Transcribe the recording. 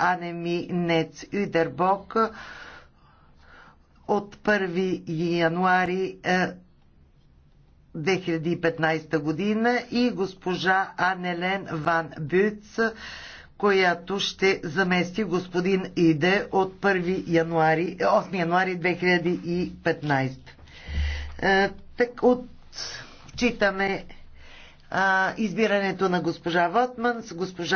Анеми Нец Юдербок от 1 януари 2015 е, година и госпожа Анелен Ван Бюц, която ще замести господин Иде от 1 януари, 8 е, януари 2015. Е, так отчитаме избирането на госпожа Вотманс, госпожа